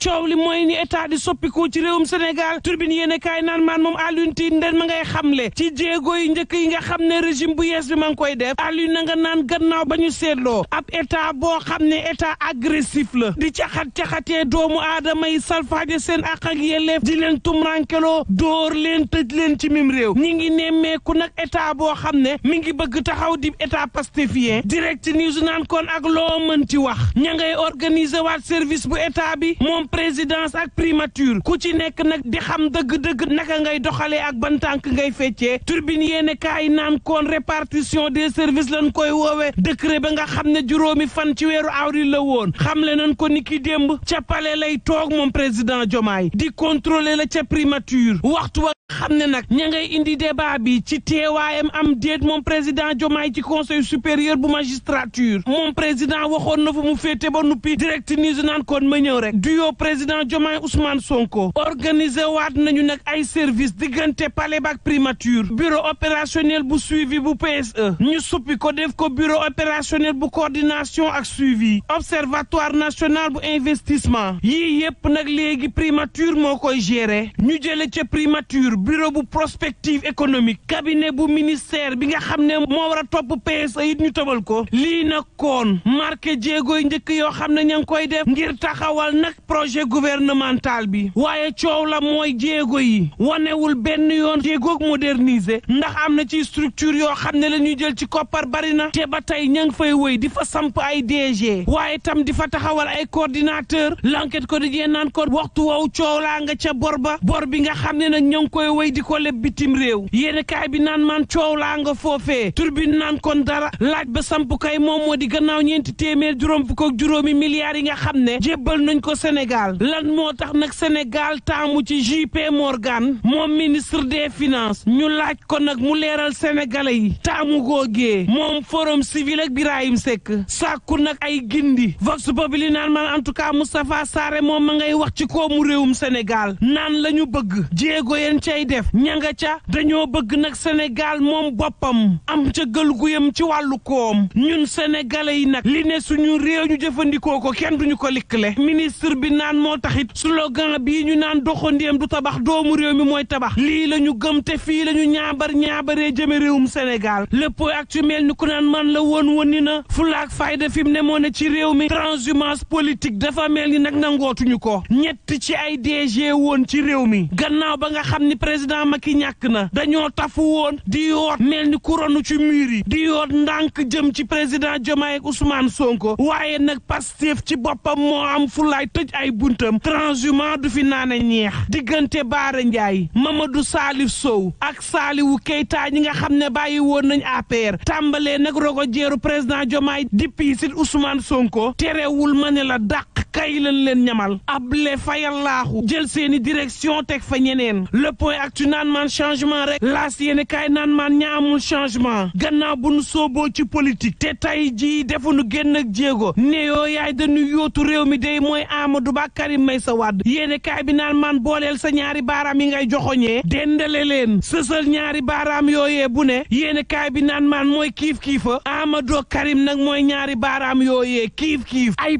coow li mooy ni état di soppiku ci réewum Sénégal turbine yéen a kaay naan maan moom Alioune Tine nden ma ngay xamle ci jéego yi njëkk yi nga xam ne régime bu yees bi ma ngi koy def Alioune na nga naan gannaaw ba ñu seetloo ab état boo xam ne état agressif la di caxat-caxatee doomu aadama yi salfaaje seen àq ak yelleef di leen tumrankeloo dóor leen tëj leen ci mim réew ñi ngi nemmeeku nag état boo xam ne mi ngi bëgg taxaw di état pastéfien direct news naan kon ak loo mën ci wax ña ngay organiser waat service bu état état bi moom présidence ak primature ku ci nekk nag di xam dëgg-dëgg naka ngay doxalee ak ban tànk ngay feccee turbine yéene kaay naan kon répartition des service lañ koy woowee décret ba nga xam ne juróomi fan ci weeru avril la woon xam le nañ ko ni ki démb ca palais lay toog moom président Diomaye di contrôler la ca primature waxtu wa xam ne nag ña ngay indi débat bi ci teewaayam am déet moom président Diomaye ci conseil supérieur bu magistrature moom président waxoon na fu mu féete ba nuppi direct news ma ñëw rek duo président Diomaye son Sonko organiser waat nañu nag ay service diggante palais bak primature bureau opérationnel bu suivi bu PSE ñu suppi ko def ko bureau opérationnel bu koordination ak suivi observatoire national bu investissement yii yépp nag léegi primature moo koy gérer ñu jële ca primature bureau bu prospective économique cabinet bu ministère bi nga xam ne moo war a topp PSE it ñu tëbal ko lii nag koon marqué jéego yi njëkk yoo xam ne ña koy def doxal nag projet gouvernemental bi waaye coow la mooy jéego yi wanewul benn yoon jéegoog moderniser ndax am na ci structure yoo xam ne la ñuy jël ci koppar bari na te ba tey ña ngi fay woy di fa samp ay DG waaye tam di fa taxawal ay coordinateur l'enquête ko di naan ko waxtu wow coow laa nga ca bor ba bor bi nga xam ne nag ña ngi koy woy di ko leb bitim réew yéen kaay bi naan man coow laa nga foofee turbine nan kon dara laaj ba samp kay moom moo di gannaaw ñeenti téeméer juróom fukk ak juróomi yi nga xam ne nañ nañ ko Sénégal lan moo tax nag Sénégal taamu ci JP Morgan moom ministre des finances ñu laaj ko nag mu leeral sénégalais yi taamu googee moom forum civil ak Birahim Seck sàkku nag ay gindi vox populi naan man en tout cas Moustapha Saare moom ma ngay wax ci mu réewum Sénégal naan la ñu bëgg jéego yeen cay def ña nga ca dañoo bëgg nag Sénégal moom boppam am ca gël guyam ci wàllu koom ñun sénégalais yi nag li ne suñu réew ñu jëfandikoo ko kenn duñu ko likkale ministre bi naan moo taxit slogan bii ñu naan doxandéem du tabax doomu réew mi mooy tabax lii la ñu gëm te fii la ñu ñaabar ñaabaree jëme réewum Sénégal lépp ak ci mel ni ku naan man la woon woon ni na fulaak fayda fi mu nemoon ne ci réew mi transhumance politique dafa mel ni nag nangootuñu ko ñett ci ay DG woon ci réew mi gannaaw ba nga xam ni président Macky ñàkk na dañoo tafu woon di yoot mel ni kuronu ci mur yi di yoot ndànk jëm ci président Diomaye ak Ousmane Sonko nag Pastef ci boppam kaay tëj ay buntam transhumant du fi naan a ñeex diggante Baara Ndiaye Mamadou Salif Sow ak Saliwu Keita ñi nga xam ne bàyyi woon nañ APR tàmbalee nag rogo jeeru président Diomaye depuis si Ousmane Sonko terewul ma ne la kay lañ leen ñamal able fayal laaxu jël seeni direction teg fa ñeneen le ak ci naan maan changement rek laas yéeni kaay naan maan ña changement gannaaw bu nu sooboo ci politique te tey jii defu nu génn ak jéego ne yoo yaay dañu yootu réew mi day mooy aamadu Ba Karim Meïssa Wade yéeni kaay bi naan maan booleel sa ñaari baaraam yi ngay joxoñee dendale leen sësal ñaari baaraam yooyee bu ne yéeni kaay bi naan maan mooy kiif kiifa Amadou Karim nag mooy ñaari baaraam yooyee kiif kiif ay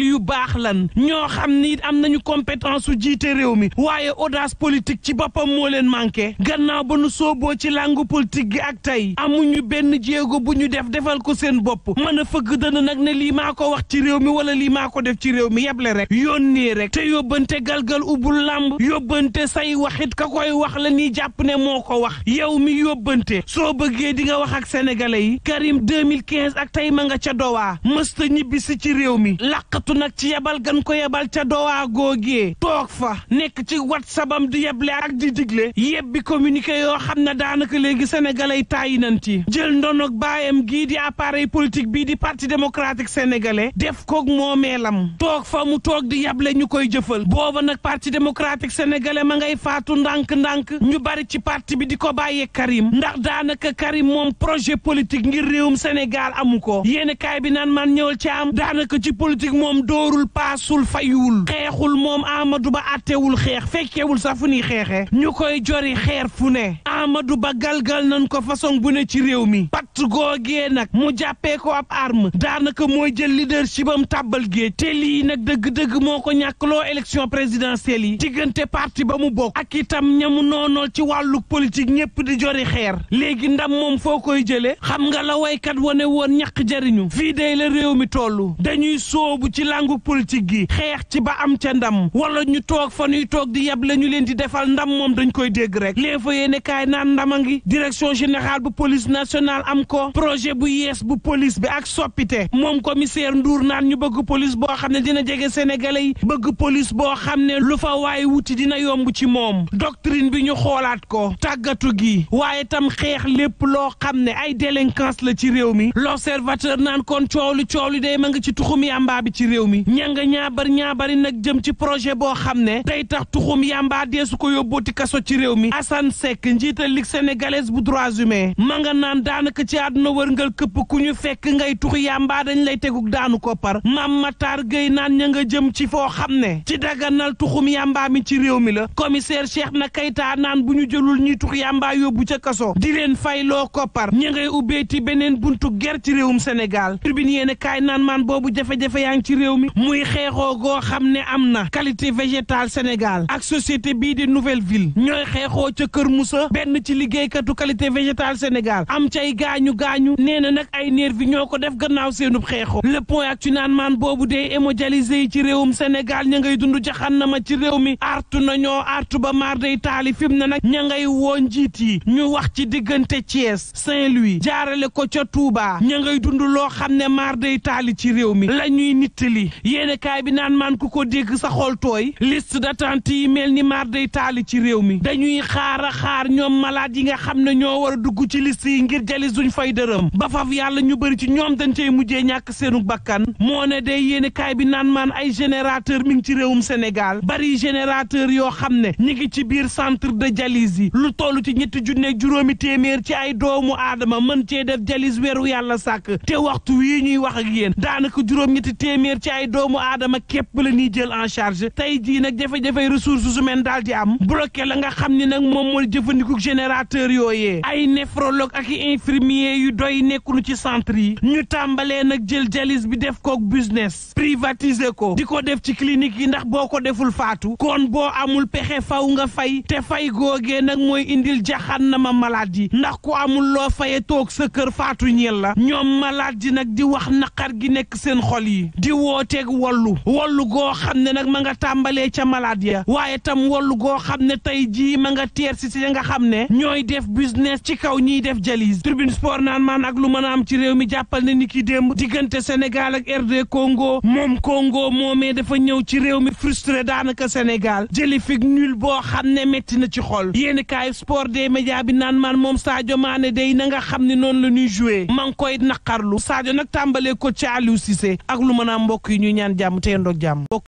yu baax baax lan ñoo xam ni am nañu compétence su jiite réew mi waaye audace politique ci boppam moo leen manqué gannaaw ba nu sooboo ci làngu politique gi ak tey amuñu benn jéego bu ñu def defal ko seen bopp mën a fëgg dënn nag ne lii maa ko wax ci réew mi wala lii maa ko def ci réew mi yeble rek yónnee rek te yóbbante galgal ubul làmb yóbbante say waxit ka koy wax la ni jàpp ne moo ko wax yow mi yóbbante soo bëggee di nga wax ak sénégalais yi Karim 2015 ak tey ma nga ca Doha mësta ñibbisi ci réew mi yebal gan ko yebal ca dowaa googee toog fa nekk ci whatsapp am di yeble ak di digle yebbi communiqué yoo xam na daanaka léegi sénégalais tàyyi nañ ci jël ndono baayam gii di appareil politique bii di parti démocratique sénégalais def koog lam toog fa mu toog di yeble ñu koy jëfal booba nag parti démocratique sénégalais ma ngay faatu ndànk-ndànk ñu bari ci parti bi di ko bàyyee Karim ndax daanaka Karim moom projet politique ngir réewum Sénégal amu ko yéen kaay bi naan man ñëwal am daanaka ci politique moom doorul waxul paasul fayul xeexul moom Amadou Ba attewul xeex fekkewul sax fu ñuy xeexee ñu koy jori xeer fu ne Amadou Ba galgal nañ ko façon bu ne ci réew mi patt googee nag mu jàppee ko ab arme daanaka mooy jël leadership am tàbbal géej te lii nag dëgg-dëgg moo ko ñàkkloo élection présidentielle yi diggante parti ba mu bokk ak itam ñamu noonool ci wàllu politique ñépp di jori xeer léegi ndam moom foo koy jëlee xam nga la waykat wane woon ñàkk jariñu fii day la réew mi tollu politique gi xeex ci ba am ca ndam wala ñu toog fa ñuy toog di yab la ñu leen di defal ndam moom dañ koy dégg rek l'info yéene kaay naan ndama ngi direction générale bu police nationale am ko projet bu yees bu police bi ak soppite moom commissaire Ndour naan ñu bëgg police boo xam ne dina jege sénégalais yi bëgg police boo xam ne lu fa waaye wuti dina yomb ci moom doctrine bi ñu xoolaat ko tàggatu gi waaye tam xeex lépp loo xam ne ay délinquance la ci réew mi l'observateur ñanga ñaabar ñaabari nag jëm ci projet boo xam ne tey tax tuxum yàmbaa deesu ko yóbbooti kaso ci réew mi Assane Seck njiital Ligue sénégalaise bu droits humains ma nga naan daanaka ci àdduna wërngal këpp ku ñu fekk ngay tux yàmbaa dañ lay teguk daanu ko par Mame Matar Gueye naan ña nga jëm ci foo xam ne ci daganal tuxum yàmbaa mi ci réew mi la commissaire Cheikh na Kayta naan bu ñu jëlul ñuy tux yàmbaa yóbbu ca kaso di leen fay loo koppar ña ngay ubbeeti beneen buntu ger ci réewum Sénégal tribune yéene kaay naan boobu jafe yaa ci réew mi muy xeexoo goo xam ne am na qualité végétale Sénégal ak société bii di nouvelle ville ñooy xeexoo ca Kër Moussa benn ci liggéeykatu qualité végétale Sénégal am cay gaañu gaañu nee na nag ay nervi ñoo ko def gannaaw seenub xeexoo le point ak ci naan maan boobu dee hémodialysé yi ci réewum Sénégal ña ngay dund jaxannama ci réew mi artu nañoo artu ba maar day taali fi na nag ña ngay woo njiit yi ñu wax ci diggante Thiès Saint-Louis jaarale ko ca Touba ña ngay dund loo xam ne maar day taali ci réew mi la ñuy nittali yéene kaay bi naan maan ku ko dégg sa xol tooy liste d'attente yi mel ni maar day taali ci réew mi dañuy xaar a xaar ñoom malade yi nga xam ne ñoo war a dugg ci liste yi ngir jali suñ fay dërëm ba faf yàlla ñu bëri ci ñoom dañ cey mujjee ñàkk seenu bakkan moo ne day yéene kaay bi naan maan ay générateur mi ngi ci réewum Sénégal bari générateur yoo xam ne ñi ngi ci biir centre de dialyse yi lu toll ci ñetti junne juróomi téeméer ci ay doomu aadama mën cee def dialyse weeru yàlla sàkk te waxtu wii ñuy wax ak yéen téeméer ci ay doomu aadama képp la ñuy jël en charge tey jii nag jafe-jafey ressources humaines daal di am bloqué la nga xam ni nag moom mooy jëfandiku générateur yooyu ay néphrologue ak infirmier yu doy nekkunu ci centre yi ñu tàmbalee nag jël jalis bi def kook business privatiser ko di ko def ci clinique yi ndax boo ko deful faatu kon boo amul pexe faw nga fay te fay googee nag mooy indil jaxannama malade yi ndax ku amul loo faye toog sa kër faatu ñel la ñoom malade yi nag di wax naqar gi nekk seen xol yi wallu wallu goo xam ne nag ma nga tàmbalee ca malade ya waaye tam wallu goo xam ne tey jii ma nga teer si si nga xam ne ñooy def business ci kaw ñiy def jalise tribune sport naan maan ak lu mën a am ci réew mi jàppal ne ni ki démb diggante Sénégal ak RD Congo moom Congo moomee dafa ñëw ci réew mi frustré daanaka Sénégal jëli fig nul boo xam ne métti na ci xol yéen kaay sport des médias bi naan maan moom saajo Mané day na nga xam ne noonu la nu joué ma ngi koy naqarlu Sadio nag tàmbalee ko ñaan jàmm te yendoog